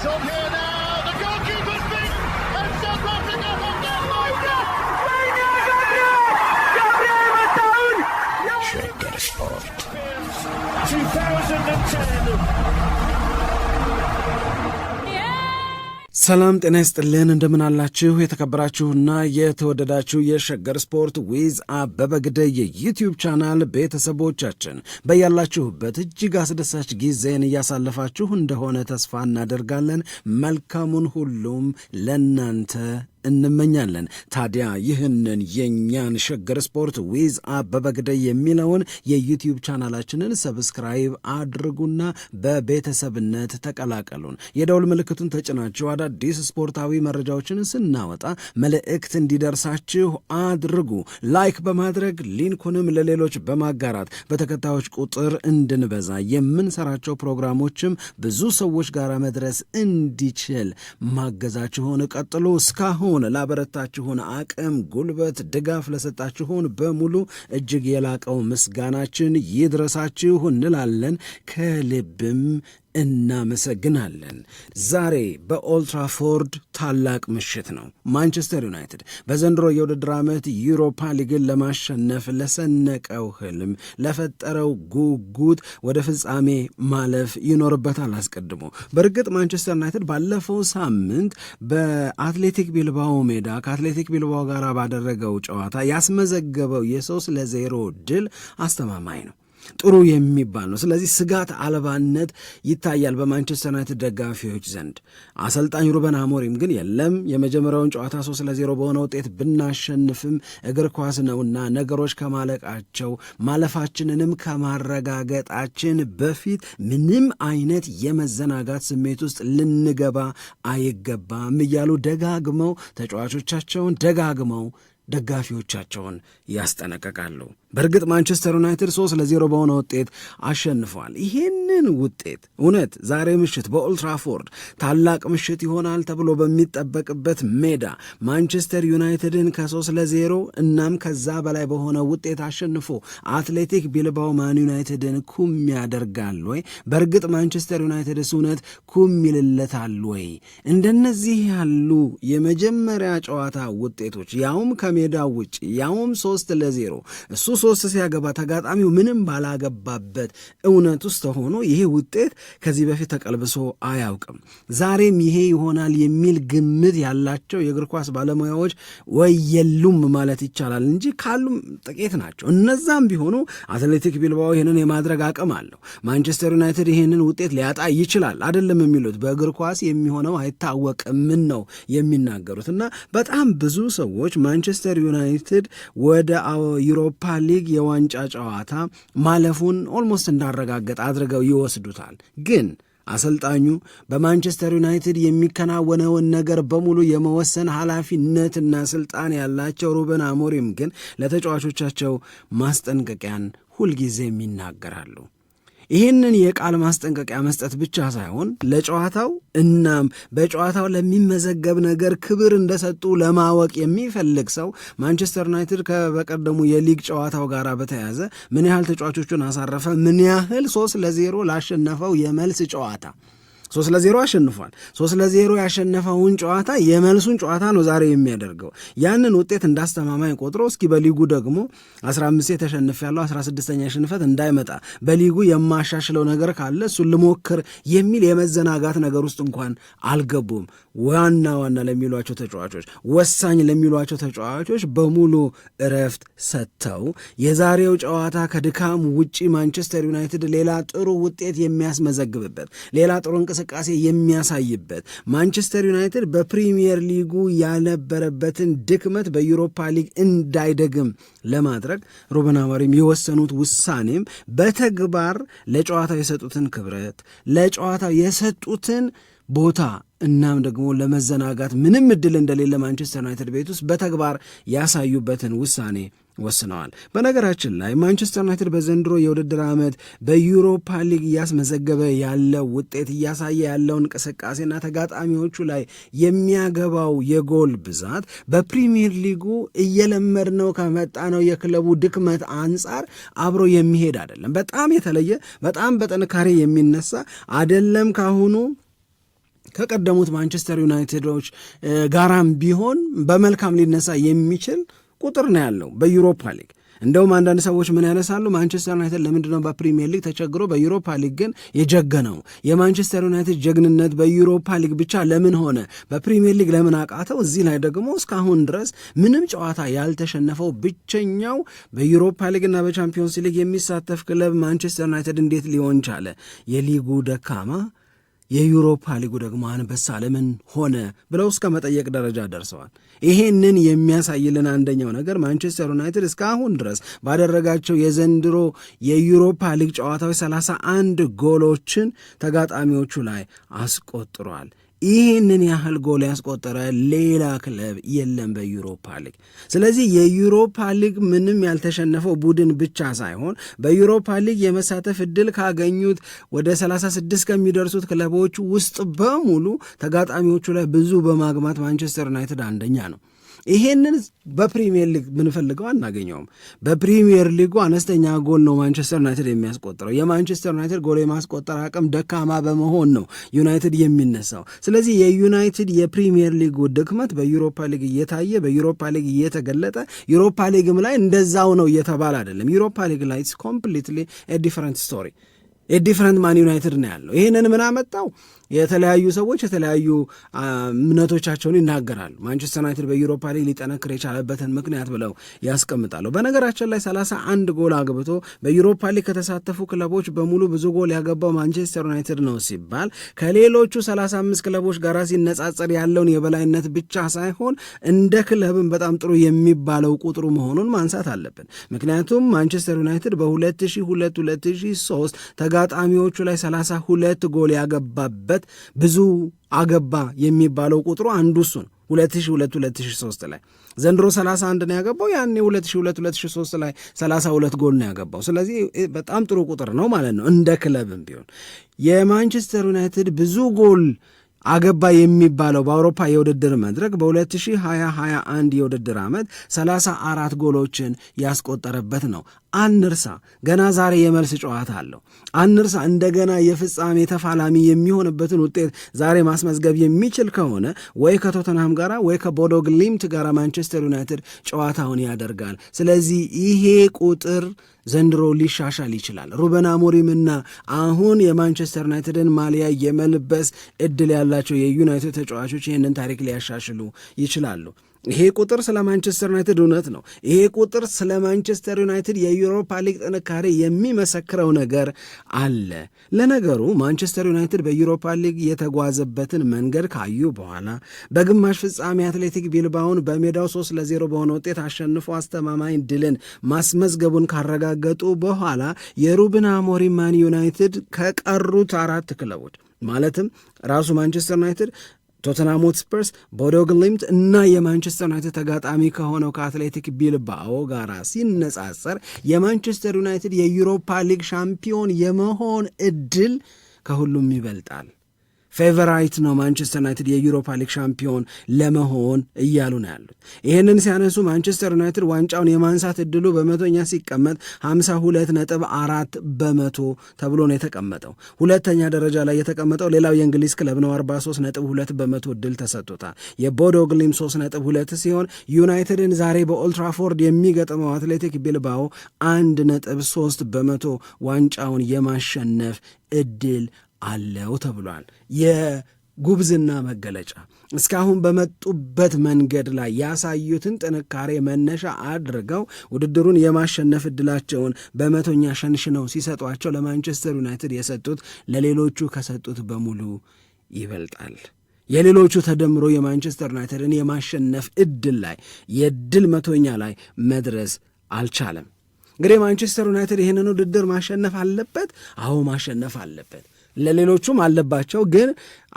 It's on here. ሰላም ጤና ይስጥልን እንደምን አላችሁ? የተከበራችሁና የተወደዳችሁ የሸገር ስፖርት ዊዝ አበበ ግደይ የዩትዩብ ቻናል ቤተሰቦቻችን በያላችሁበት እጅግ አስደሳች ጊዜን እያሳለፋችሁ እንደሆነ ተስፋ እናደርጋለን። መልካሙን ሁሉም ለእናንተ እንመኛለን። ታዲያ ይህንን የእኛን ሸገር ስፖርት ዊዝ አበበ ግደይ የሚለውን የዩቲዩብ ቻናላችንን ሰብስክራይብ አድርጉና በቤተሰብነት ተቀላቀሉን። የደውል ምልክቱን ተጭናችሁ አዳዲስ ስፖርታዊ መረጃዎችን ስናወጣ መልእክት እንዲደርሳችሁ አድርጉ። ላይክ በማድረግ ሊንኩንም ለሌሎች በማጋራት በተከታዮች ቁጥር እንድንበዛ የምንሰራቸው ፕሮግራሞችም ብዙ ሰዎች ጋር መድረስ እንዲችል ማገዛችሁን ቀጥሉ እስካሁን ለረዳችሁን፣ ላበረታችሁን አቅም፣ ጉልበት፣ ድጋፍ ለሰጣችሁን በሙሉ እጅግ የላቀው ምስጋናችን ይድረሳችሁ እንላለን ከልብም እናመሰግናለን። ዛሬ በኦልትራፎርድ ታላቅ ምሽት ነው። ማንቸስተር ዩናይትድ በዘንድሮ የውድድር ዓመት ዩሮፓ ሊግን ለማሸነፍ ለሰነቀው ህልም፣ ለፈጠረው ጉጉት ወደ ፍጻሜ ማለፍ ይኖርበታል አስቀድሞ። በእርግጥ ማንቸስተር ዩናይትድ ባለፈው ሳምንት በአትሌቲክ ቢልባኦ ሜዳ ከአትሌቲክ ቢልባኦ ጋር ባደረገው ጨዋታ ያስመዘገበው የሶስት ለዜሮ ድል አስተማማኝ ነው። ጥሩ የሚባል ነው። ስለዚህ ስጋት አልባነት ይታያል በማንቸስተር ዩናይትድ ደጋፊዎች ዘንድ። አሰልጣኝ ሩበን አሞሪም ግን የለም የመጀመሪያውን ጨዋታ ሶስት ለዜሮ በሆነ ውጤት ብናሸንፍም እግር ኳስ ነውና ነገሮች ከማለቃቸው ማለፋችንንም ከማረጋገጣችን በፊት ምንም አይነት የመዘናጋት ስሜት ውስጥ ልንገባ አይገባም እያሉ ደጋግመው ተጫዋቾቻቸውን ደጋግመው ደጋፊዎቻቸውን ያስጠነቀቃሉ። በእርግጥ ማንቸስተር ዩናይትድ ሶስት ለዜሮ በሆነ ውጤት አሸንፏል። ይሄንን ውጤት እውነት ዛሬ ምሽት በኦልትራፎርድ ታላቅ ምሽት ይሆናል ተብሎ በሚጠበቅበት ሜዳ ማንቸስተር ዩናይትድን ከ 3 ለ ለዜሮ እናም ከዛ በላይ በሆነ ውጤት አሸንፎ አትሌቲክ ቢልባው ማን ዩናይትድን ኩም ያደርጋል ወይ? በእርግጥ ማንቸስተር ዩናይትድስ እውነት ኩም ይልለታል ወይ? እንደነዚህ ያሉ የመጀመሪያ ጨዋታ ውጤቶች ያውም ከሜዳ ውጭ ያውም ሶስት ለዜሮ እሱ ሶስት ሲያገባ ተጋጣሚው ምንም ባላገባበት እውነት ውስጥ ሆኖ ይሄ ውጤት ከዚህ በፊት ተቀልብሶ አያውቅም። ዛሬም ይሄ ይሆናል የሚል ግምት ያላቸው የእግር ኳስ ባለሙያዎች ወይ የሉም ማለት ይቻላል እንጂ ካሉም ጥቂት ናቸው። እነዛም ቢሆኑ አትሌቲክ ቢልባኦ ይህንን የማድረግ አቅም አለው። ማንቸስተር ዩናይትድ ይህንን ውጤት ሊያጣ ይችላል አይደለም የሚሉት በእግር ኳስ የሚሆነው አይታወቅምን ነው የሚናገሩት እና በጣም ብዙ ሰዎች ማንቸስተር ዩናይትድ ወደ ዩሮፓ ሊግ የዋንጫ ጨዋታ ማለፉን ኦልሞስት እንዳረጋገጠ አድርገው ይወስዱታል ግን አሰልጣኙ በማንቸስተር ዩናይትድ የሚከናወነውን ነገር በሙሉ የመወሰን ኃላፊነትና ስልጣን ያላቸው ሩበን አሞሪም ግን ለተጫዋቾቻቸው ማስጠንቀቂያን ሁልጊዜም ይናገራሉ። ይህንን የቃል ማስጠንቀቂያ መስጠት ብቻ ሳይሆን ለጨዋታው እናም በጨዋታው ለሚመዘገብ ነገር ክብር እንደሰጡ ለማወቅ የሚፈልግ ሰው ማንቸስተር ዩናይትድ ከበቀደሙ የሊግ ጨዋታው ጋር በተያያዘ ምን ያህል ተጫዋቾቹን አሳረፈ፣ ምን ያህል ሶስት ለዜሮ ላሸነፈው የመልስ ጨዋታ ሶስት ለዜሮ አሸንፏል። ሶስት ለዜሮ ያሸነፈውን ጨዋታ የመልሱን ጨዋታ ነው ዛሬ የሚያደርገው። ያንን ውጤት እንዳስተማማኝ ቆጥሮ እስኪ በሊጉ ደግሞ 15 የተሸንፍ ያለው 16ኛ ሽንፈት እንዳይመጣ በሊጉ የማሻሽለው ነገር ካለ እሱን ልሞክር የሚል የመዘናጋት ነገር ውስጥ እንኳን አልገቡም። ዋና ዋና ለሚሏቸው ተጫዋቾች፣ ወሳኝ ለሚሏቸው ተጫዋቾች በሙሉ እረፍት ሰጥተው የዛሬው ጨዋታ ከድካም ውጪ ማንቸስተር ዩናይትድ ሌላ ጥሩ ውጤት የሚያስመዘግብበት ሌላ ጥሩ እንቅስ እንቅስቃሴ የሚያሳይበት ማንቸስተር ዩናይትድ በፕሪሚየር ሊጉ ያነበረበትን ድክመት በዩሮፓ ሊግ እንዳይደግም ለማድረግ ሩበን አሞሪም የወሰኑት ውሳኔም በተግባር ለጨዋታው የሰጡትን ክብረት ለጨዋታው የሰጡትን ቦታ እናም ደግሞ ለመዘናጋት ምንም እድል እንደሌለ ማንቸስተር ዩናይትድ ቤት ውስጥ በተግባር ያሳዩበትን ውሳኔ ወስነዋል። በነገራችን ላይ ማንቸስተር ዩናይትድ በዘንድሮ የውድድር ዓመት በዩሮፓ ሊግ እያስመዘገበ ያለው ውጤት እያሳየ ያለው እንቅስቃሴና ተጋጣሚዎቹ ላይ የሚያገባው የጎል ብዛት በፕሪሚየር ሊጉ እየለመድ ነው ከመጣ ነው የክለቡ ድክመት አንጻር አብሮ የሚሄድ አይደለም። በጣም የተለየ በጣም በጥንካሬ የሚነሳ አይደለም ካሁኑ ከቀደሙት ማንቸስተር ዩናይትዶች ጋራም ቢሆን በመልካም ሊነሳ የሚችል ቁጥር ነው ያለው በዩሮፓ ሊግ። እንደውም አንዳንድ ሰዎች ምን ያነሳሉ፣ ማንቸስተር ዩናይትድ ለምንድን ነው በፕሪሚየር ሊግ ተቸግሮ በዩሮፓ ሊግ ግን የጀገነው? የማንቸስተር ዩናይትድ ጀግንነት በዩሮፓ ሊግ ብቻ ለምን ሆነ? በፕሪሚየር ሊግ ለምን አቃተው? እዚህ ላይ ደግሞ እስካሁን ድረስ ምንም ጨዋታ ያልተሸነፈው ብቸኛው በዩሮፓ ሊግና በቻምፒዮንስ ሊግ የሚሳተፍ ክለብ ማንቸስተር ዩናይትድ እንዴት ሊሆን ቻለ? የሊጉ ደካማ የዩሮፓ ሊጉ ደግሞ አንበሳ ለምን ሆነ ብለው እስከ መጠየቅ ደረጃ ደርሰዋል። ይሄንን የሚያሳይልን አንደኛው ነገር ማንቸስተር ዩናይትድ እስካሁን ድረስ ባደረጋቸው የዘንድሮ የዩሮፓ ሊግ ጨዋታዎች 31 ጎሎችን ተጋጣሚዎቹ ላይ አስቆጥሯል። ይህንን ያህል ጎል ያስቆጠረ ሌላ ክለብ የለም በዩሮፓ ሊግ። ስለዚህ የዩሮፓ ሊግ ምንም ያልተሸነፈው ቡድን ብቻ ሳይሆን በዩሮፓ ሊግ የመሳተፍ እድል ካገኙት ወደ 36 ከሚደርሱት ክለቦች ውስጥ በሙሉ ተጋጣሚዎቹ ላይ ብዙ በማግማት ማንቸስተር ዩናይትድ አንደኛ ነው። ይሄንን በፕሪሚየር ሊግ ምንፈልገው አናገኘውም። በፕሪሚየር ሊጉ አነስተኛ ጎል ነው ማንቸስተር ዩናይትድ የሚያስቆጥረው። የማንቸስተር ዩናይትድ ጎል የማስቆጠር አቅም ደካማ በመሆን ነው ዩናይትድ የሚነሳው። ስለዚህ የዩናይትድ የፕሪሚየር ሊጉ ድክመት በዩሮፓ ሊግ እየታየ በዩሮፓ ሊግ እየተገለጠ ዩሮፓ ሊግም ላይ እንደዛው ነው እየተባለ አይደለም። ዩሮፓ ሊግ ላይ ኢትስ ኮምፕሊትሊ ስቶሪ ዲፈረንት ማን ዩናይትድ ነው ያለው። ይህንን ምን አመጣው? የተለያዩ ሰዎች የተለያዩ እምነቶቻቸውን ይናገራሉ። ማንቸስተር ዩናይትድ በዩሮፓ ሊግ ሊጠነክር የቻለበትን ምክንያት ብለው ያስቀምጣሉ። በነገራችን ላይ ሰላሳ ጎል አግብቶ በዩሮፓ ሊግ ከተሳተፉ ክለቦች በሙሉ ብዙ ጎል ያገባው ማንቸስተር ዩናይትድ ነው ሲባል ከሌሎቹ 35 ክለቦች ጋር ሲነጻጸር ያለውን የበላይነት ብቻ ሳይሆን እንደ ክለብን በጣም ጥሩ የሚባለው ቁጥሩ መሆኑን ማንሳት አለብን። ምክንያቱም ማንቸስተር ዩናይትድ በ2002 2003 ተጋጣሚዎቹ ላይ 32 ጎል ያገባበት ያለበት ብዙ አገባ የሚባለው ቁጥሩ አንዱ እሱ ነው። 2002 2003 ላይ ዘንድሮ 31 ነው ያገባው። ያኔ 2002 2003 ላይ 32 ጎል ነው ያገባው። ስለዚህ በጣም ጥሩ ቁጥር ነው ማለት ነው እንደ ክለብም ቢሆን የማንቸስተር ዩናይትድ ብዙ ጎል አገባ የሚባለው በአውሮፓ የውድድር መድረክ በ2020/21 የውድድር ዓመት 34 ጎሎችን ያስቆጠረበት ነው። አንርሳ፣ ገና ዛሬ የመልስ ጨዋታ አለው። አንርሳ እንደገና የፍጻሜ ተፋላሚ የሚሆንበትን ውጤት ዛሬ ማስመዝገብ የሚችል ከሆነ ወይ ከቶተንሃም ጋር ወይ ከቦዶ ግሊምት ጋር ማንቸስተር ዩናይትድ ጨዋታውን ያደርጋል። ስለዚህ ይሄ ቁጥር ዘንድሮ ሊሻሻል ይችላል። ሩበን አሞሪምና አሁን የማንቸስተር ዩናይትድን ማሊያ የመልበስ እድል ያላቸው የዩናይትድ ተጫዋቾች ይህንን ታሪክ ሊያሻሽሉ ይችላሉ። ይሄ ቁጥር ስለ ማንቸስተር ዩናይትድ እውነት ነው። ይሄ ቁጥር ስለ ማንቸስተር ዩናይትድ የዩሮፓ ሊግ ጥንካሬ የሚመሰክረው ነገር አለ። ለነገሩ ማንቸስተር ዩናይትድ በዩሮፓ ሊግ የተጓዘበትን መንገድ ካዩ በኋላ በግማሽ ፍጻሜ አትሌቲክ ቢልባውን በሜዳው ለ ለዜሮ በሆነ ውጤት አሸንፎ አስተማማኝ ድልን ማስመዝገቡን ካረጋገጡ በኋላ የሩብን አሞሪም ማን ዩናይትድ ከቀሩት አራት ክለቦች ማለትም ራሱ ማንቸስተር ዩናይትድ ቶተናም ሆትስፐርስ ቦዶ ግሊምት እና የማንቸስተር ዩናይትድ ተጋጣሚ ከሆነው ከአትሌቲክ ቢልባኦ ጋር ሲነጻጸር የማንቸስተር ዩናይትድ የዩሮፓ ሊግ ሻምፒዮን የመሆን እድል ከሁሉም ይበልጣል። ፌቨራይት ነው ማንቸስተር ዩናይትድ የዩሮፓ ሊግ ሻምፒዮን ለመሆን እያሉ ነው ያሉት። ይህንን ሲያነሱ ማንቸስተር ዩናይትድ ዋንጫውን የማንሳት እድሉ በመቶኛ ሲቀመጥ 52 ነጥብ አራት በመቶ ተብሎ ነው የተቀመጠው። ሁለተኛ ደረጃ ላይ የተቀመጠው ሌላው የእንግሊዝ ክለብ ነው 43 ነጥብ ሁለት በመቶ እድል ተሰጥቶታል። የቦዶ ግሊም 3 ነጥብ ሁለት ሲሆን ዩናይትድን ዛሬ በኦልትራፎርድ የሚገጥመው አትሌቲክ ቢልባኦ አንድ ነጥብ ሶስት በመቶ ዋንጫውን የማሸነፍ እድል አለው ተብሏል። የጉብዝና መገለጫ እስካሁን በመጡበት መንገድ ላይ ያሳዩትን ጥንካሬ መነሻ አድርገው ውድድሩን የማሸነፍ እድላቸውን በመቶኛ ሸንሽነው ሲሰጧቸው ለማንቸስተር ዩናይትድ የሰጡት ለሌሎቹ ከሰጡት በሙሉ ይበልጣል። የሌሎቹ ተደምሮ የማንቸስተር ዩናይትድን የማሸነፍ እድል ላይ የድል መቶኛ ላይ መድረስ አልቻለም። እንግዲህ ማንቸስተር ዩናይትድ ይህንን ውድድር ማሸነፍ አለበት። አዎ ማሸነፍ አለበት። ለሌሎቹም አለባቸው። ግን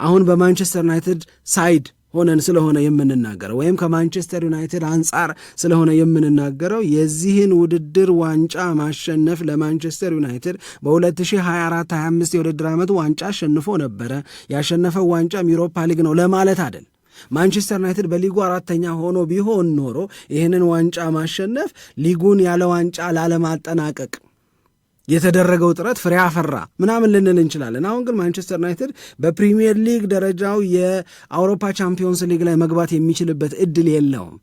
አሁን በማንቸስተር ዩናይትድ ሳይድ ሆነን ስለሆነ የምንናገረው ወይም ከማንቸስተር ዩናይትድ አንጻር ስለሆነ የምንናገረው የዚህን ውድድር ዋንጫ ማሸነፍ ለማንቸስተር ዩናይትድ በ2024/25 የውድድር ዓመት ዋንጫ አሸንፎ ነበረ። ያሸነፈው ዋንጫም ዩሮፓ ሊግ ነው ለማለት አይደል። ማንቸስተር ዩናይትድ በሊጉ አራተኛ ሆኖ ቢሆን ኖሮ ይህንን ዋንጫ ማሸነፍ ሊጉን ያለ ዋንጫ ላለማጠናቀቅ የተደረገው ጥረት ፍሬ አፈራ ምናምን ልንል እንችላለን። አሁን ግን ማንቸስተር ዩናይትድ በፕሪሚየር ሊግ ደረጃው የአውሮፓ ቻምፒዮንስ ሊግ ላይ መግባት የሚችልበት እድል የለውም።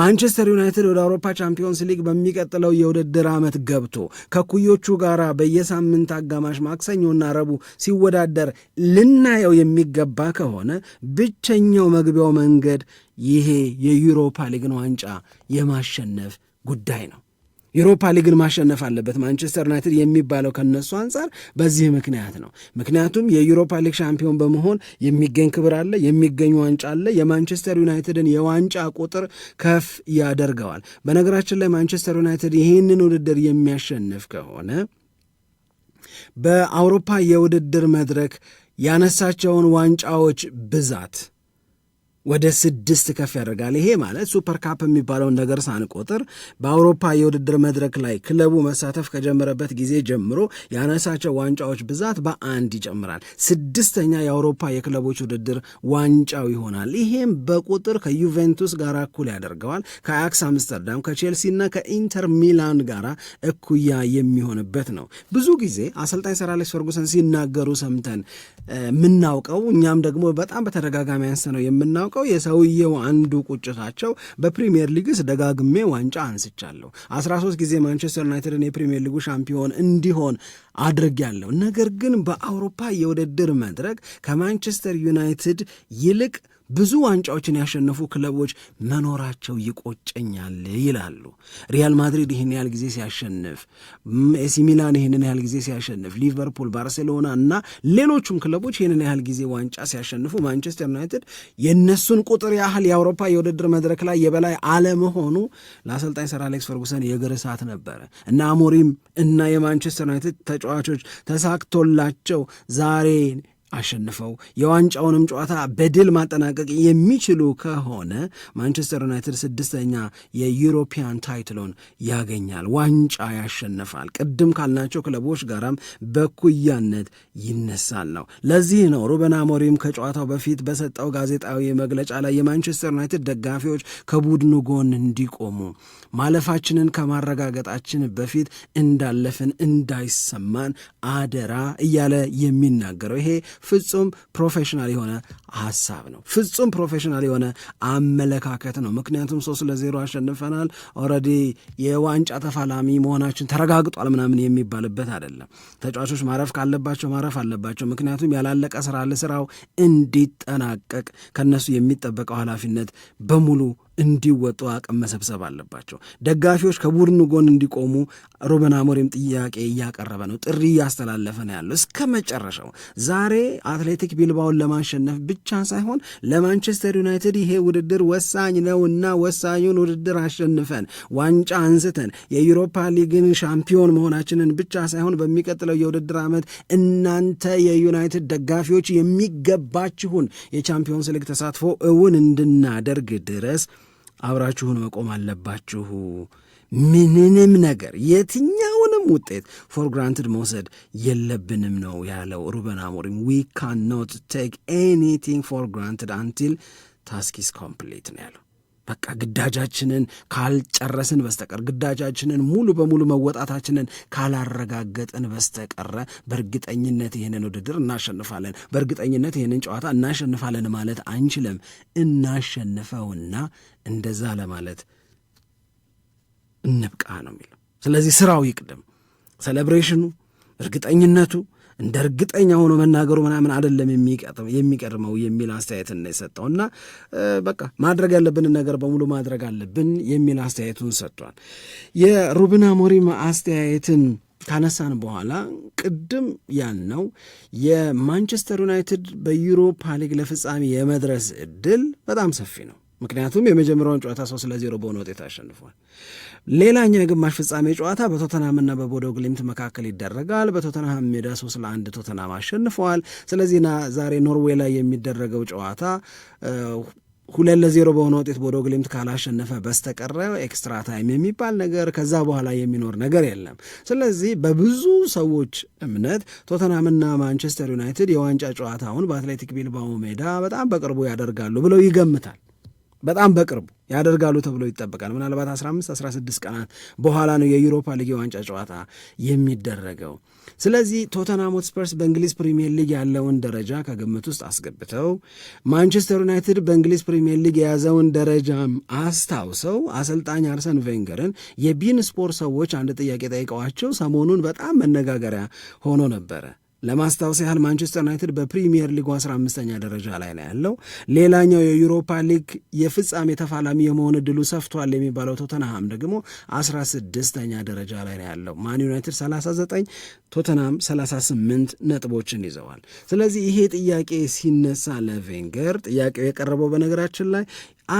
ማንቸስተር ዩናይትድ ወደ አውሮፓ ቻምፒዮንስ ሊግ በሚቀጥለው የውድድር ዓመት ገብቶ ከኩዮቹ ጋር በየሳምንት አጋማሽ ማክሰኞና ረቡዕ ሲወዳደር ልናየው የሚገባ ከሆነ ብቸኛው መግቢያው መንገድ ይሄ የዩሮፓ ሊግን ዋንጫ የማሸነፍ ጉዳይ ነው። ዩሮፓ ሊግን ማሸነፍ አለበት ማንቸስተር ዩናይትድ የሚባለው ከነሱ አንጻር በዚህ ምክንያት ነው። ምክንያቱም የዩሮፓ ሊግ ሻምፒዮን በመሆን የሚገኝ ክብር አለ፣ የሚገኝ ዋንጫ አለ። የማንቸስተር ዩናይትድን የዋንጫ ቁጥር ከፍ ያደርገዋል። በነገራችን ላይ ማንቸስተር ዩናይትድ ይህንን ውድድር የሚያሸንፍ ከሆነ በአውሮፓ የውድድር መድረክ ያነሳቸውን ዋንጫዎች ብዛት ወደ ስድስት ከፍ ያደርጋል። ይሄ ማለት ሱፐር ካፕ የሚባለውን ነገር ሳንቆጥር በአውሮፓ የውድድር መድረክ ላይ ክለቡ መሳተፍ ከጀመረበት ጊዜ ጀምሮ ያነሳቸው ዋንጫዎች ብዛት በአንድ ይጨምራል። ስድስተኛ የአውሮፓ የክለቦች ውድድር ዋንጫው ይሆናል። ይሄም በቁጥር ከዩቬንቱስ ጋር እኩል ያደርገዋል። ከአያክስ አምስተርዳም፣ ከቼልሲና ከኢንተር ሚላን ጋር እኩያ የሚሆንበት ነው። ብዙ ጊዜ አሰልጣኝ ሰር አሌክስ ፈርጉሰን ሲናገሩ ሰምተን የምናውቀው እኛም ደግሞ በጣም በተደጋጋሚ አንስተ ነው የምናውቀው የምናውቀው የሰውየው አንዱ ቁጭታቸው በፕሪሚየር ሊግስ ደጋግሜ ዋንጫ አንስቻለሁ፣ 13 ጊዜ ማንቸስተር ዩናይትድን የፕሪምየር ሊጉ ሻምፒዮን እንዲሆን አድርጌያለሁ። ነገር ግን በአውሮፓ የውድድር መድረክ ከማንቸስተር ዩናይትድ ይልቅ ብዙ ዋንጫዎችን ያሸነፉ ክለቦች መኖራቸው ይቆጨኛል ይላሉ። ሪያል ማድሪድ ይህን ያህል ጊዜ ሲያሸንፍ፣ ኤሲ ሚላን ይህንን ያህል ጊዜ ሲያሸንፍ፣ ሊቨርፑል፣ ባርሴሎና እና ሌሎቹም ክለቦች ይህንን ያህል ጊዜ ዋንጫ ሲያሸንፉ፣ ማንቸስተር ዩናይትድ የእነሱን ቁጥር ያህል የአውሮፓ የውድድር መድረክ ላይ የበላይ አለመሆኑ ለአሰልጣኝ ሰር አሌክስ ፈርጉሰን የእግር እሳት ነበረ እና አሞሪም እና የማንቸስተር ዩናይትድ ተጫዋቾች ተሳክቶላቸው ዛሬ አሸንፈው የዋንጫውንም ጨዋታ በድል ማጠናቀቅ የሚችሉ ከሆነ ማንቸስተር ዩናይትድ ስድስተኛ የዩሮፒያን ታይትሎን ያገኛል፣ ዋንጫ ያሸንፋል። ቅድም ካልናቸው ክለቦች ጋራም በኩያነት ይነሳል ነው። ለዚህ ነው ሩበን አሞሪም ከጨዋታው በፊት በሰጠው ጋዜጣዊ መግለጫ ላይ የማንቸስተር ዩናይትድ ደጋፊዎች ከቡድኑ ጎን እንዲቆሙ ማለፋችንን ከማረጋገጣችን በፊት እንዳለፍን እንዳይሰማን አደራ እያለ የሚናገረው ይሄ ፍጹም ፕሮፌሽናል የሆነ ሀሳብ ነው። ፍጹም ፕሮፌሽናል የሆነ አመለካከት ነው። ምክንያቱም ሶስት ለዜሮ አሸንፈናል፣ ኦልሬዲ የዋንጫ ተፋላሚ መሆናችን ተረጋግጧል ምናምን የሚባልበት አይደለም። ተጫዋቾች ማረፍ ካለባቸው ማረፍ አለባቸው። ምክንያቱም ያላለቀ ስራ ለስራው እንዲጠናቀቅ ከነሱ የሚጠበቀው ኃላፊነት በሙሉ እንዲወጡ አቅም መሰብሰብ አለባቸው። ደጋፊዎች ከቡድኑ ጎን እንዲቆሙ ሩበን አሞሪም ጥያቄ እያቀረበ ነው፣ ጥሪ እያስተላለፈ ነው ያለው እስከ መጨረሻው። ዛሬ አትሌቲክ ቢልባውን ለማሸነፍ ብቻ ሳይሆን ለማንቸስተር ዩናይትድ ይሄ ውድድር ወሳኝ ነው እና ወሳኙን ውድድር አሸንፈን ዋንጫ አንስተን የዩሮፓ ሊግን ሻምፒዮን መሆናችንን ብቻ ሳይሆን በሚቀጥለው የውድድር ዓመት እናንተ የዩናይትድ ደጋፊዎች የሚገባችሁን የቻምፒዮንስ ሊግ ተሳትፎ እውን እንድናደርግ ድረስ አብራችሁን መቆም አለባችሁ። ምንንም ነገር የትኛውንም ውጤት ፎር ግራንትድ መውሰድ የለብንም ነው ያለው ሩበን አሞሪም። ዊ ካን ኖት ቴክ ኤኒቲንግ ፎር ግራንትድ አንቲል ታስክ ኢዝ ኮምፕሊት ነው ያለው። በቃ ግዳጃችንን ካልጨረስን በስተቀር ግዳጃችንን ሙሉ በሙሉ መወጣታችንን ካላረጋገጥን በስተቀረ በእርግጠኝነት ይህንን ውድድር እናሸንፋለን፣ በእርግጠኝነት ይህንን ጨዋታ እናሸንፋለን ማለት አንችልም። እናሸንፈውና እንደዛ ለማለት እንብቃ ነው የሚለው። ስለዚህ ስራው ይቅድም፣ ሴሌብሬሽኑ፣ እርግጠኝነቱ እንደ እርግጠኛ ሆኖ መናገሩ ምናምን አይደለም የሚቀድመው የሚል አስተያየትን ነው የሰጠው። እና በቃ ማድረግ ያለብንን ነገር በሙሉ ማድረግ አለብን የሚል አስተያየቱን ሰጥቷል። የሩብና አሞሪም አስተያየትን ካነሳን በኋላ ቅድም ያልነው የማንቸስተር ዩናይትድ በዩሮፓ ሊግ ለፍጻሜ የመድረስ እድል በጣም ሰፊ ነው። ምክንያቱም የመጀመሪያውን ጨዋታ ሶስት ለዜሮ በሆነ ውጤት አሸንፏል። ሌላኛው የግማሽ ፍጻሜ ጨዋታ በቶተናምና በቦዶ ግሊምት መካከል ይደረጋል። በቶተናም ሜዳ ሶስት ለአንድ ቶተናም አሸንፈዋል። ስለዚህ ዛሬ ኖርዌይ ላይ የሚደረገው ጨዋታ ሁለት ለዜሮ በሆነ ውጤት ቦዶ ግሊምት ካላሸነፈ በስተቀረ ኤክስትራ ታይም የሚባል ነገር ከዛ በኋላ የሚኖር ነገር የለም። ስለዚህ በብዙ ሰዎች እምነት ቶተናምና ማንቸስተር ዩናይትድ የዋንጫ ጨዋታውን በአትሌቲክ ቢልባኦ ሜዳ በጣም በቅርቡ ያደርጋሉ ብለው ይገምታል። በጣም በቅርቡ ያደርጋሉ ተብሎ ይጠበቃል። ምናልባት 15 16 ቀናት በኋላ ነው የዩሮፓ ሊግ የዋንጫ ጨዋታ የሚደረገው። ስለዚህ ቶተንሃም ሆትስፐርስ በእንግሊዝ ፕሪምየር ሊግ ያለውን ደረጃ ከግምት ውስጥ አስገብተው ማንቸስተር ዩናይትድ በእንግሊዝ ፕሪምየር ሊግ የያዘውን ደረጃም አስታውሰው አሰልጣኝ አርሰን ቬንገርን የቢን ስፖርት ሰዎች አንድ ጥያቄ ጠይቀዋቸው ሰሞኑን በጣም መነጋገሪያ ሆኖ ነበረ ለማስታወስ ያህል ማንቸስተር ዩናይትድ በፕሪሚየር ሊጉ 15ኛ ደረጃ ላይ ነው ያለው። ሌላኛው የዩሮፓ ሊግ የፍጻሜ ተፋላሚ የመሆን እድሉ ሰፍቷል የሚባለው ቶተንሃም ደግሞ 16ኛ ደረጃ ላይ ነው ያለው። ማን ዩናይትድ 39፣ ቶተናም 38 ነጥቦችን ይዘዋል። ስለዚህ ይሄ ጥያቄ ሲነሳ ለቬንገር ጥያቄው የቀረበው በነገራችን ላይ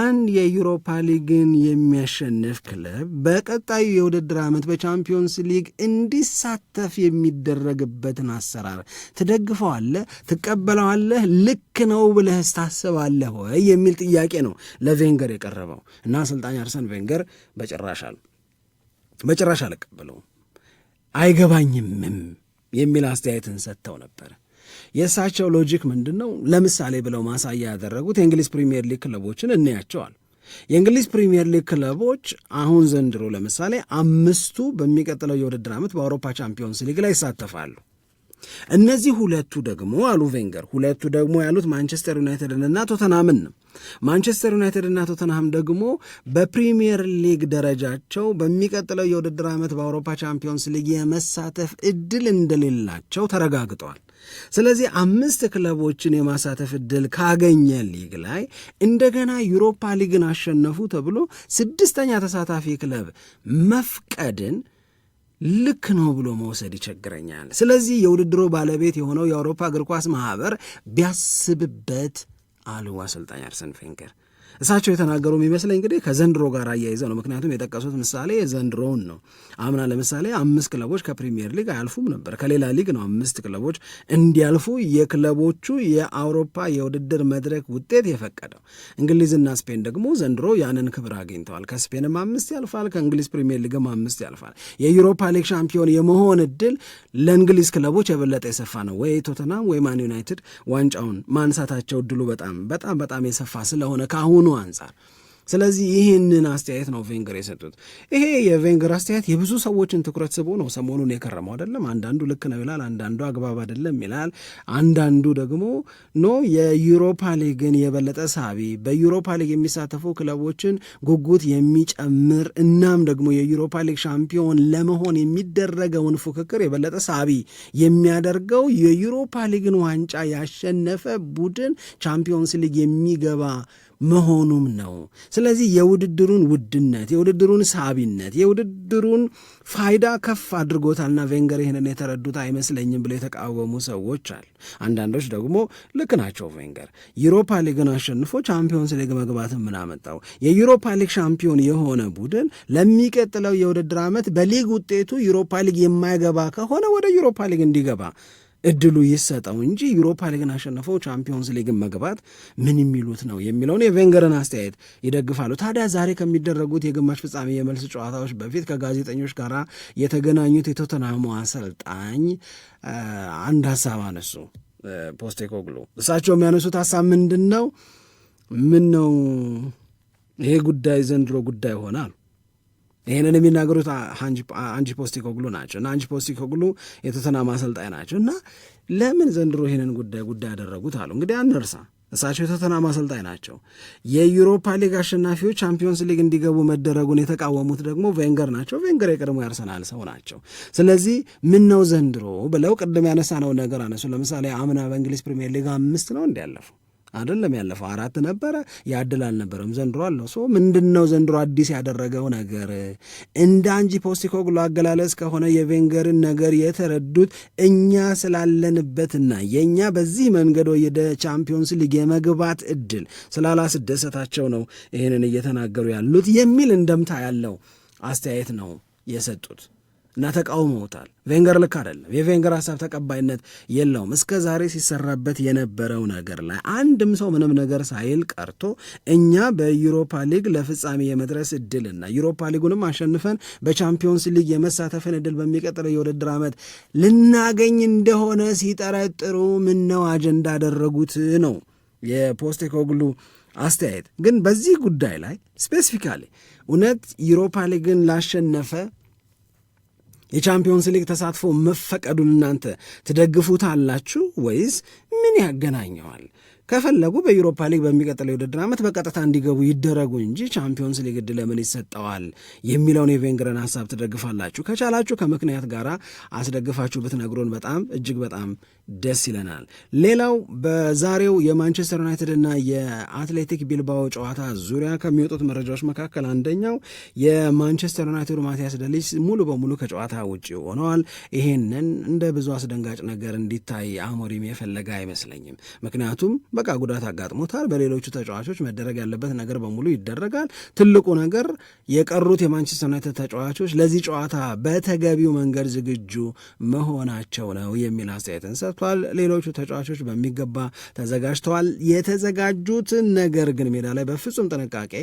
አንድ የዩሮፓ ሊግን የሚያሸንፍ ክለብ በቀጣዩ የውድድር ዓመት በቻምፒዮንስ ሊግ እንዲሳተፍ የሚደረግበትን አሰራር ትደግፈዋለህ? ትቀበለዋለህ? ልክ ነው ብለህ ስታስባለህ ወይ የሚል ጥያቄ ነው ለቬንገር የቀረበው እና አሰልጣኝ አርሰን ቬንገር በጭራሽ አሉ በጭራሽ አልቀበለውም አይገባኝምም የሚል አስተያየትን ሰጥተው ነበር። የእሳቸው ሎጂክ ምንድን ነው? ለምሳሌ ብለው ማሳያ ያደረጉት የእንግሊዝ ፕሪምየር ሊግ ክለቦችን እንያቸዋል። የእንግሊዝ ፕሪምየር ሊግ ክለቦች አሁን ዘንድሮ ለምሳሌ አምስቱ በሚቀጥለው የውድድር ዓመት በአውሮፓ ቻምፒዮንስ ሊግ ላይ ይሳተፋሉ። እነዚህ ሁለቱ ደግሞ አሉ ቬንገር፣ ሁለቱ ደግሞ ያሉት ማንቸስተር ዩናይትድንና ቶተንሃምን ነው። ማንቸስተር ዩናይትድና ቶተንሃም ደግሞ በፕሪሚየር ሊግ ደረጃቸው በሚቀጥለው የውድድር ዓመት በአውሮፓ ቻምፒዮንስ ሊግ የመሳተፍ እድል እንደሌላቸው ተረጋግጧል። ስለዚህ አምስት ክለቦችን የማሳተፍ እድል ካገኘ ሊግ ላይ እንደገና ዩሮፓ ሊግን አሸነፉ ተብሎ ስድስተኛ ተሳታፊ ክለብ መፍቀድን ልክ ነው ብሎ መውሰድ ይቸግረኛል። ስለዚህ የውድድሮ ባለቤት የሆነው የአውሮፓ እግር ኳስ ማህበር ቢያስብበት አሉ አሰልጣኝ አርሰን ፌንገር። እሳቸው የተናገሩ የሚመስለኝ እንግዲህ ከዘንድሮ ጋር አያይዘው ነው። ምክንያቱም የጠቀሱት ምሳሌ ዘንድሮውን ነው። አምና ለምሳሌ አምስት ክለቦች ከፕሪሚየር ሊግ አያልፉም ነበር። ከሌላ ሊግ ነው አምስት ክለቦች እንዲያልፉ የክለቦቹ የአውሮፓ የውድድር መድረክ ውጤት የፈቀደው። እንግሊዝና ስፔን ደግሞ ዘንድሮ ያንን ክብር አግኝተዋል። ከስፔንም አምስት ያልፋል፣ ከእንግሊዝ ፕሪሚየር ሊግም አምስት ያልፋል። የዩሮፓ ሊግ ሻምፒዮን የመሆን እድል ለእንግሊዝ ክለቦች የበለጠ የሰፋ ነው። ወይ ቶተናም ወይ ማን ዩናይትድ ዋንጫውን ማንሳታቸው እድሉ በጣም በጣም በጣም የሰፋ ስለሆነ ከአሁኑ ከመሆኑ አንጻር ስለዚህ ይህንን አስተያየት ነው ቬንገር የሰጡት። ይሄ የቬንገር አስተያየት የብዙ ሰዎችን ትኩረት ስቦ ነው ሰሞኑን የከረመው አይደለም። አንዳንዱ ልክ ነው ይላል፣ አንዳንዱ አግባብ አይደለም ይላል፣ አንዳንዱ ደግሞ ኖ የዩሮፓ ሊግን የበለጠ ሳቢ በዩሮፓ ሊግ የሚሳተፉ ክለቦችን ጉጉት የሚጨምር እናም ደግሞ የዩሮፓ ሊግ ሻምፒዮን ለመሆን የሚደረገውን ፉክክር የበለጠ ሳቢ የሚያደርገው የዩሮፓ ሊግን ዋንጫ ያሸነፈ ቡድን ቻምፒዮንስ ሊግ የሚገባ መሆኑም ነው። ስለዚህ የውድድሩን ውድነት፣ የውድድሩን ሳቢነት፣ የውድድሩን ፋይዳ ከፍ አድርጎታልና ቬንገር ይህንን የተረዱት አይመስለኝም ብለው የተቃወሙ ሰዎች አሉ። አንዳንዶች ደግሞ ልክ ናቸው። ቬንገር ዩሮፓ ሊግን አሸንፎ ቻምፒዮንስ ሊግ መግባትን ምናመጣው? የዩሮፓ ሊግ ሻምፒዮን የሆነ ቡድን ለሚቀጥለው የውድድር ዓመት በሊግ ውጤቱ ዩሮፓ ሊግ የማይገባ ከሆነ ወደ ዩሮፓ ሊግ እንዲገባ እድሉ ይሰጠው እንጂ ዩሮፓ ሊግን አሸንፈው ቻምፒዮንስ ሊግን መግባት ምን የሚሉት ነው የሚለውን የቬንገርን አስተያየት ይደግፋሉ። ታዲያ ዛሬ ከሚደረጉት የግማሽ ፍጻሜ የመልስ ጨዋታዎች በፊት ከጋዜጠኞች ጋር የተገናኙት የቶተናሙ አሰልጣኝ አንድ ሀሳብ አነሱ። ፖስቴኮግሉ እሳቸው የሚያነሱት ሀሳብ ምንድን ነው? ምን ነው ይሄ ጉዳይ ዘንድሮ ጉዳይ ሆናል። ይህንን የሚናገሩት አንጅ ፖስቴኮግሉ ናቸው እና አንጅ ፖስቴኮግሉ የቶተናም አሰልጣኝ ናቸው እና ለምን ዘንድሮ ይህንን ጉዳይ ጉዳይ ያደረጉት አሉ። እንግዲህ አንርሳ፣ እሳቸው የቶተናም አሰልጣኝ ናቸው። የዩሮፓ ሊግ አሸናፊዎች ቻምፒዮንስ ሊግ እንዲገቡ መደረጉን የተቃወሙት ደግሞ ቬንገር ናቸው። ቬንገር የቀድሞ ያርሰናል ሰው ናቸው። ስለዚህ ምን ነው ዘንድሮ ብለው ቅድም ያነሳነውን ነገር አነሱ። ለምሳሌ አምና በእንግሊዝ ፕሪሚየር ሊግ አምስት ነው እንዲያለፉ አይደለም ያለፈው አራት ነበረ። ያድል አልነበረም ዘንድሮ አለው። ሶ ምንድን ነው ዘንድሮ አዲስ ያደረገው ነገር? እንደ አንጂ ፖስቲኮግሎ አገላለጽ ከሆነ የቬንገርን ነገር የተረዱት እኛ ስላለንበትና የእኛ በዚህ መንገዶ ወደ ቻምፒዮንስ ሊግ የመግባት እድል ስላላስደሰታቸው ነው ይህንን እየተናገሩ ያሉት የሚል እንደምታ ያለው አስተያየት ነው የሰጡት። እና ተቃውመውታል። ቬንገር ልክ አይደለም፣ የቬንገር ሀሳብ ተቀባይነት የለውም። እስከ ዛሬ ሲሰራበት የነበረው ነገር ላይ አንድም ሰው ምንም ነገር ሳይል ቀርቶ እኛ በዩሮፓ ሊግ ለፍጻሜ የመድረስ እድልና ዩሮፓ ሊጉንም አሸንፈን በቻምፒዮንስ ሊግ የመሳተፍን እድል በሚቀጥለው የውድድር ዓመት ልናገኝ እንደሆነ ሲጠረጥሩ ምነው አጀንዳ አደረጉት ነው የፖስቴኮግሉ አስተያየት። ግን በዚህ ጉዳይ ላይ ስፔሲፊካሊ እውነት ዩሮፓ ሊግን ላሸነፈ የቻምፒዮንስ ሊግ ተሳትፎ መፈቀዱን እናንተ ትደግፉታላችሁ ወይስ ምን ያገናኘዋል? ከፈለጉ በዩሮፓ ሊግ በሚቀጥለው የውድድር ዓመት በቀጥታ እንዲገቡ ይደረጉ እንጂ ቻምፒዮንስ ሊግ ዕድል ለምን ይሰጠዋል የሚለውን የቬንግረን ሀሳብ ትደግፋላችሁ? ከቻላችሁ ከምክንያት ጋር አስደግፋችሁ ብትነግሩን በጣም እጅግ በጣም ደስ ይለናል። ሌላው በዛሬው የማንቸስተር ዩናይትድ እና የአትሌቲክ ቢልባኦ ጨዋታ ዙሪያ ከሚወጡት መረጃዎች መካከል አንደኛው የማንቸስተር ዩናይትድ ማቲያስ ደልጅ ሙሉ በሙሉ ከጨዋታ ውጭ ሆነዋል። ይሄንን እንደ ብዙ አስደንጋጭ ነገር እንዲታይ አሞሪም የፈለገ አይመስለኝም። ምክንያቱም በቃ ጉዳት አጋጥሞታል። በሌሎቹ ተጫዋቾች መደረግ ያለበት ነገር በሙሉ ይደረጋል። ትልቁ ነገር የቀሩት የማንቸስተር ዩናይትድ ተጫዋቾች ለዚህ ጨዋታ በተገቢው መንገድ ዝግጁ መሆናቸው ነው የሚል አስተያየትን ሰጥቷል። ሌሎቹ ተጫዋቾች በሚገባ ተዘጋጅተዋል። የተዘጋጁትን ነገር ግን ሜዳ ላይ በፍጹም ጥንቃቄ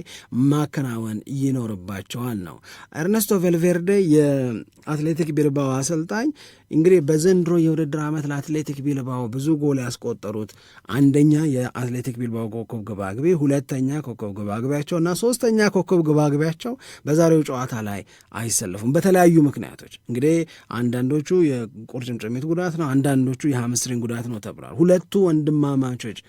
ማከናወን ይኖርባቸዋል ነው። ኤርነስቶ ቬልቬርዴ የአትሌቲክ ቢልባው አሰልጣኝ እንግዲህ በዘንድሮ የውድድር ዓመት ለአትሌቲክ ቢልባው ብዙ ጎል ያስቆጠሩት አንደኛ የአትሌቲክ ቢልባው ኮከብ ግባግቢ፣ ሁለተኛ ኮከብ ግባግቢያቸው እና ሶስተኛ ኮከብ ግባግቢያቸው በዛሬው ጨዋታ ላይ አይሰለፉም በተለያዩ ምክንያቶች። እንግዲህ አንዳንዶቹ የቁርጭምጭሚት ጉዳት ነው፣ አንዳንዶቹ የሃምስትሪንግ ጉዳት ነው ተብሏል። ሁለቱ ወንድማማቾች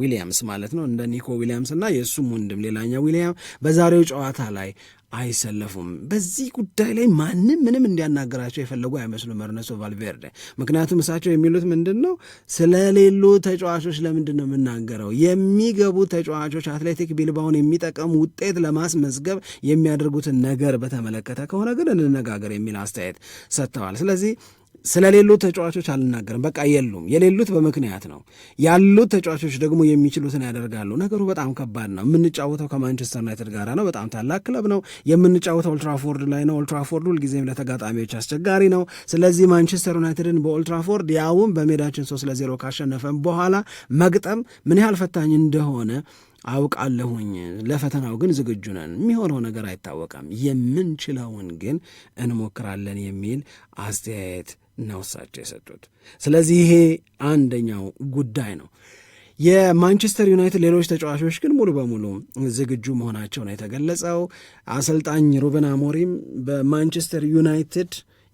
ዊሊያምስ ማለት ነው እንደ ኒኮ ዊሊያምስ እና የእሱም ወንድም ሌላኛ ዊሊያም በዛሬው ጨዋታ ላይ አይሰለፉም። በዚህ ጉዳይ ላይ ማንም ምንም እንዲያናገራቸው የፈለጉ አይመስሉም ኤርኔስቶ ቫልቬርደ። ምክንያቱም እሳቸው የሚሉት ምንድን ነው፣ ስለሌሉ ተጫዋቾች ለምንድን ነው የምናገረው? የሚገቡ ተጫዋቾች አትሌቲክ ቢልባውን የሚጠቀሙ ውጤት ለማስመዝገብ የሚያደርጉትን ነገር በተመለከተ ከሆነ ግን እንነጋገር የሚል አስተያየት ሰጥተዋል። ስለዚህ ስለሌሉት ተጫዋቾች አልናገርም። በቃ የሉም። የሌሉት በምክንያት ነው። ያሉት ተጫዋቾች ደግሞ የሚችሉትን ያደርጋሉ። ነገሩ በጣም ከባድ ነው። የምንጫወተው ከማንቸስተር ዩናይትድ ጋር ነው። በጣም ታላቅ ክለብ ነው። የምንጫወተው ኦልትራፎርድ ላይ ነው። ኦልትራፎርድ ሁልጊዜም ለተጋጣሚዎች አስቸጋሪ ነው። ስለዚህ ማንቸስተር ዩናይትድን በኦልትራፎርድ ያውም በሜዳችን ሶስት ለዜሮ ካሸነፈን በኋላ መግጠም ምን ያህል ፈታኝ እንደሆነ አውቃለሁኝ። ለፈተናው ግን ዝግጁ ነን። የሚሆነው ነገር አይታወቀም የምንችለውን ግን እንሞክራለን የሚል አስተያየት ነው እሳቸው የሰጡት። ስለዚህ ይሄ አንደኛው ጉዳይ ነው። የማንቸስተር ዩናይትድ ሌሎች ተጫዋቾች ግን ሙሉ በሙሉ ዝግጁ መሆናቸው ነው የተገለጸው። አሰልጣኝ ሩበን አሞሪም በማንቸስተር ዩናይትድ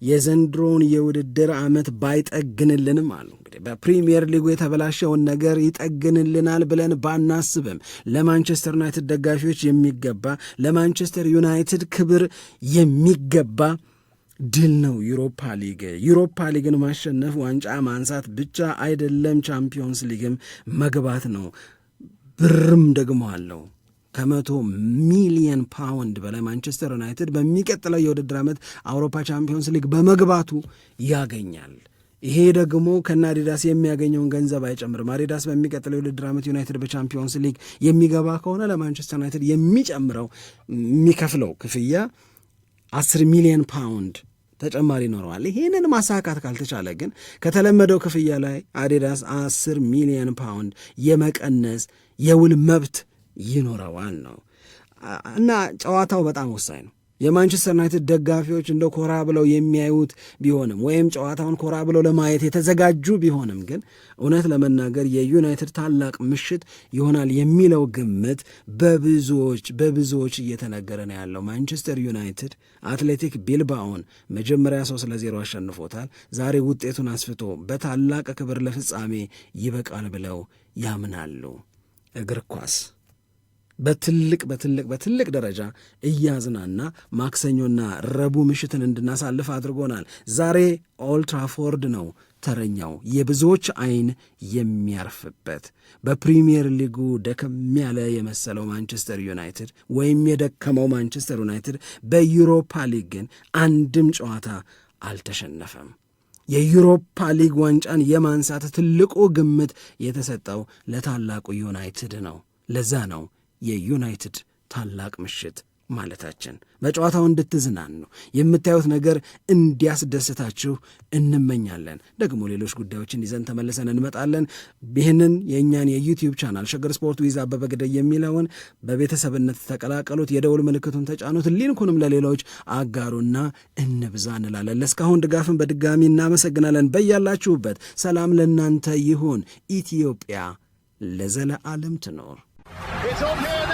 የዘንድሮውን የውድድር ዓመት ባይጠግንልንም አሉ። እንግዲህ በፕሪምየር ሊጉ የተበላሸውን ነገር ይጠግንልናል ብለን ባናስብም ለማንቸስተር ዩናይትድ ደጋፊዎች የሚገባ ለማንቸስተር ዩናይትድ ክብር የሚገባ ድል ነው ዩሮፓ ሊግ። ዩሮፓ ሊግን ማሸነፍ ዋንጫ ማንሳት ብቻ አይደለም፣ ቻምፒዮንስ ሊግም መግባት ነው። ብርም ደግሞ አለው። ከመቶ ሚሊየን ፓውንድ በላይ ማንቸስተር ዩናይትድ በሚቀጥለው የውድድር ዓመት አውሮፓ ቻምፒዮንስ ሊግ በመግባቱ ያገኛል። ይሄ ደግሞ ከነ አዲዳስ የሚያገኘውን ገንዘብ አይጨምርም። አዲዳስ በሚቀጥለው የውድድር ዓመት ዩናይትድ በቻምፒዮንስ ሊግ የሚገባ ከሆነ ለማንቸስተር ዩናይትድ የሚጨምረው የሚከፍለው ክፍያ አስር ሚሊየን ፓውንድ ተጨማሪ ይኖረዋል። ይህንን ማሳካት ካልተቻለ ግን ከተለመደው ክፍያ ላይ አዲዳስ አስር ሚሊዮን ፓውንድ የመቀነስ የውል መብት ይኖረዋል ነው እና ጨዋታው በጣም ወሳኝ ነው። የማንቸስተር ዩናይትድ ደጋፊዎች እንደ ኮራ ብለው የሚያዩት ቢሆንም ወይም ጨዋታውን ኮራ ብለው ለማየት የተዘጋጁ ቢሆንም ግን እውነት ለመናገር የዩናይትድ ታላቅ ምሽት ይሆናል የሚለው ግምት በብዙዎች በብዙዎች እየተነገረ ነው ያለው። ማንቸስተር ዩናይትድ አትሌቲክ ቢልባኦን መጀመሪያ ሶስት ለዜሮ አሸንፎታል። ዛሬ ውጤቱን አስፍቶ በታላቅ ክብር ለፍጻሜ ይበቃል ብለው ያምናሉ። እግር ኳስ በትልቅ በትልቅ በትልቅ ደረጃ እያዝናና ማክሰኞና ረቡዕ ምሽትን እንድናሳልፍ አድርጎናል። ዛሬ ኦልትራፎርድ ነው ተረኛው የብዙዎች አይን የሚያርፍበት በፕሪምየር ሊጉ ደከም ያለ የመሰለው ማንቸስተር ዩናይትድ ወይም የደከመው ማንቸስተር ዩናይትድ በዩሮፓ ሊግ ግን አንድም ጨዋታ አልተሸነፈም። የዩሮፓ ሊግ ዋንጫን የማንሳት ትልቁ ግምት የተሰጠው ለታላቁ ዩናይትድ ነው። ለዛ ነው የዩናይትድ ታላቅ ምሽት ማለታችን በጨዋታው እንድትዝናኑ የምታዩት ነገር እንዲያስደስታችሁ እንመኛለን። ደግሞ ሌሎች ጉዳዮችን ይዘን ተመልሰን እንመጣለን። ይህንን የእኛን የዩቲዩብ ቻናል ሸገር ስፖርት ዊዝ አበበ ግደይ የሚለውን በቤተሰብነት ተቀላቀሉት፣ የደውል ምልክቱን ተጫኑት፣ ሊንኩንም ለሌሎች አጋሩና እንብዛ እንላለን። ለእስካሁን ድጋፍን በድጋሚ እናመሰግናለን። በያላችሁበት ሰላም ለእናንተ ይሁን። ኢትዮጵያ ለዘለዓለም ትኖር። It's on here.